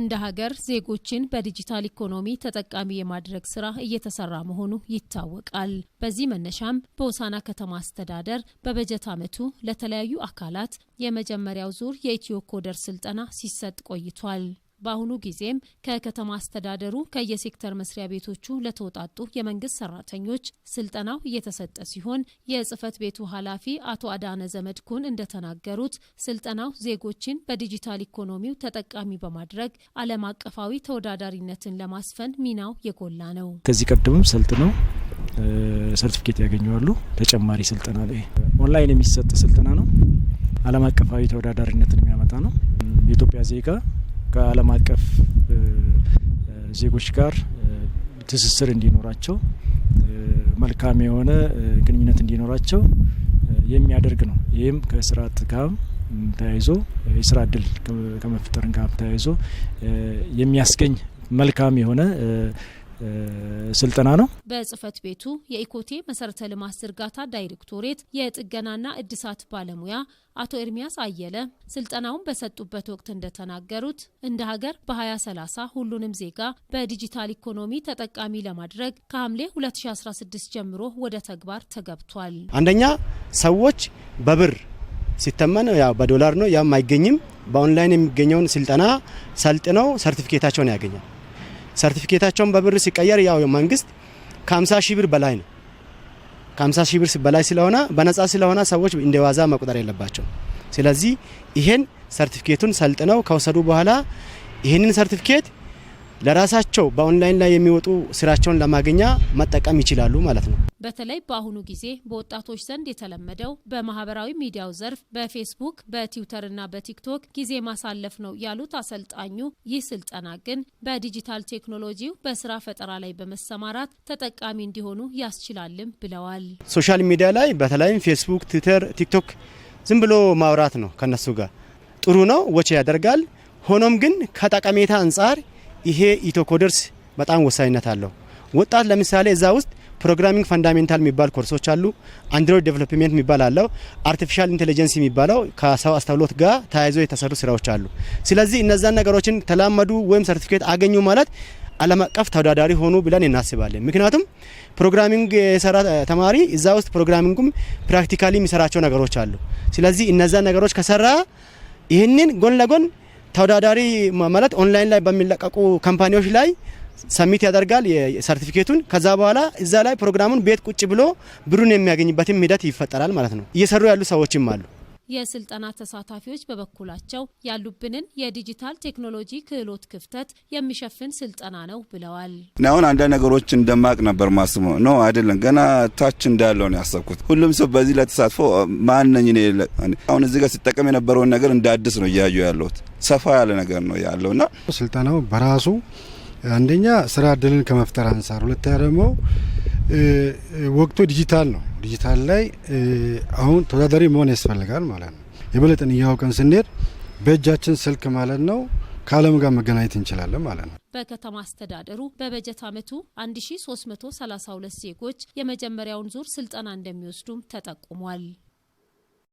እንደ ሀገር ዜጎችን በዲጂታል ኢኮኖሚ ተጠቃሚ የማድረግ ስራ እየተሰራ መሆኑ ይታወቃል። በዚህ መነሻም በሆሳዕና ከተማ አስተዳደር በበጀት ዓመቱ ለተለያዩ አካላት የመጀመሪያው ዙር የኢትዮ ኮደር ስልጠና ሲሰጥ ቆይቷል። በአሁኑ ጊዜም ከከተማ አስተዳደሩ ከየሴክተር መስሪያ ቤቶቹ ለተውጣጡ የመንግስት ሰራተኞች ስልጠናው እየተሰጠ ሲሆን የጽህፈት ቤቱ ኃላፊ አቶ አዳነ ዘመድኩን እንደተናገሩት ስልጠናው ዜጎችን በዲጂታል ኢኮኖሚው ተጠቃሚ በማድረግ ዓለም አቀፋዊ ተወዳዳሪነትን ለማስፈን ሚናው የጎላ ነው። ከዚህ ቀደምም ሰልጥነው ሰርቲፊኬት ያገኘዋሉ። ተጨማሪ ስልጠና ላይ ኦንላይን የሚሰጥ ስልጠና ነው። ዓለም አቀፋዊ ተወዳዳሪነትን የሚያመጣ ነው። የኢትዮጵያ ዜጋ ከዓለም አቀፍ ዜጎች ጋር ትስስር እንዲኖራቸው መልካም የሆነ ግንኙነት እንዲኖራቸው የሚያደርግ ነው። ይህም ከስርዓት ጋርም ተያይዞ የስራ እድል ከመፍጠር ጋር ተያይዞ የሚያስገኝ መልካም የሆነ ስልጠና ነው። በጽህፈት ቤቱ የኢኮቴ መሰረተ ልማት ዝርጋታ ዳይሬክቶሬት የጥገናና እድሳት ባለሙያ አቶ ኤርሚያስ አየለ ስልጠናውን በሰጡበት ወቅት እንደተናገሩት እንደ ሀገር በ2030 ሁሉንም ዜጋ በዲጂታል ኢኮኖሚ ተጠቃሚ ለማድረግ ከሐምሌ 2016 ጀምሮ ወደ ተግባር ተገብቷል። አንደኛ ሰዎች በብር ሲተመን ያው በዶላር ነው፣ ያም አይገኝም። በኦንላይን የሚገኘውን ስልጠና ሰልጥነው ሰርቲፊኬታቸውን ያገኛል። ሰርቲፊኬታቸውን በብር ሲቀየር ያው መንግስት ከ50 ሺህ ብር በላይ ነው። ከ50 ሺህ ብር በላይ ስለሆነ በነጻ ስለሆነ ሰዎች እንደዋዛ መቁጠር የለባቸው። ስለዚህ ይሄን ሰርቲፊኬቱን ሰልጥነው ከወሰዱ በኋላ ይህንን ሰርቲፊኬት ለራሳቸው በኦንላይን ላይ የሚወጡ ስራቸውን ለማግኛ መጠቀም ይችላሉ ማለት ነው። በተለይ በአሁኑ ጊዜ በወጣቶች ዘንድ የተለመደው በማህበራዊ ሚዲያው ዘርፍ በፌስቡክ በትዊተርና በቲክቶክ ጊዜ ማሳለፍ ነው ያሉት አሰልጣኙ፣ ይህ ስልጠና ግን በዲጂታል ቴክኖሎጂው በስራ ፈጠራ ላይ በመሰማራት ተጠቃሚ እንዲሆኑ ያስችላልም ብለዋል። ሶሻል ሚዲያ ላይ በተለይም ፌስቡክ፣ ትዊተር፣ ቲክቶክ ዝም ብሎ ማውራት ነው ከነሱ ጋር ጥሩ ነው ወቼ ያደርጋል። ሆኖም ግን ከጠቀሜታ አንጻር ይሄ ኢትዮኮደርስ በጣም ወሳኝነት አለው። ወጣት ለምሳሌ እዛ ውስጥ ፕሮግራሚንግ ፈንዳሜንታል የሚባል ኮርሶች አሉ። አንድሮይድ ዴቨሎፕመንት የሚባል አለው። አርቲፊሻል ኢንቴሊጀንስ የሚባለው ከሰው አስተውሎት ጋር ተያይዞ የተሰሩ ስራዎች አሉ። ስለዚህ እነዛን ነገሮችን ተላመዱ ወይም ሰርቲፊኬት አገኙ ማለት ዓለም አቀፍ ተወዳዳሪ ሆኑ ብለን እናስባለን። ምክንያቱም ፕሮግራሚንግ የሰራ ተማሪ እዛ ውስጥ ፕሮግራሚንጉም ፕራክቲካሊ የሚሰራቸው ነገሮች አሉ። ስለዚህ እነዛን ነገሮች ከሰራ ይህንን ጎን ለጎን ተወዳዳሪ ማለት ኦንላይን ላይ በሚለቀቁ ካምፓኒዎች ላይ ሰሚት ያደርጋል የሰርቲፊኬቱን። ከዛ በኋላ እዛ ላይ ፕሮግራሙን ቤት ቁጭ ብሎ ብሩን የሚያገኝበትም ሂደት ይፈጠራል ማለት ነው። እየሰሩ ያሉ ሰዎችም አሉ። የስልጠና ተሳታፊዎች በበኩላቸው ያሉብንን የዲጂታል ቴክኖሎጂ ክህሎት ክፍተት የሚሸፍን ስልጠና ነው ብለዋል። አሁን አንዳንድ ነገሮች እንደማቅ ነበር ማስበው ነው አይደለም፣ ገና ታች እንዳለው ነው ያሰብኩት። ሁሉም ሰው በዚህ ላይ ተሳትፎ ማነኝ አሁን እዚህ ጋር ሲጠቀም የነበረውን ነገር እንደ አዲስ ነው እያዩ ያለሁት። ሰፋ ያለ ነገር ነው ያለውና ስልጠናው በራሱ አንደኛ ስራ እድልን ከመፍጠር አንጻር፣ ሁለተኛ ደግሞ ወቅቱ ዲጂታል ነው ዲጂታል ላይ አሁን ተወዳዳሪ መሆን ያስፈልጋል ማለት ነው። የበለጠን እያወቀን ስንሄድ በእጃችን ስልክ ማለት ነው ከዓለም ጋር መገናኘት እንችላለን ማለት ነው። በከተማ አስተዳደሩ በበጀት ዓመቱ 1332 ዜጎች የመጀመሪያውን ዙር ስልጠና እንደሚወስዱም ተጠቁሟል።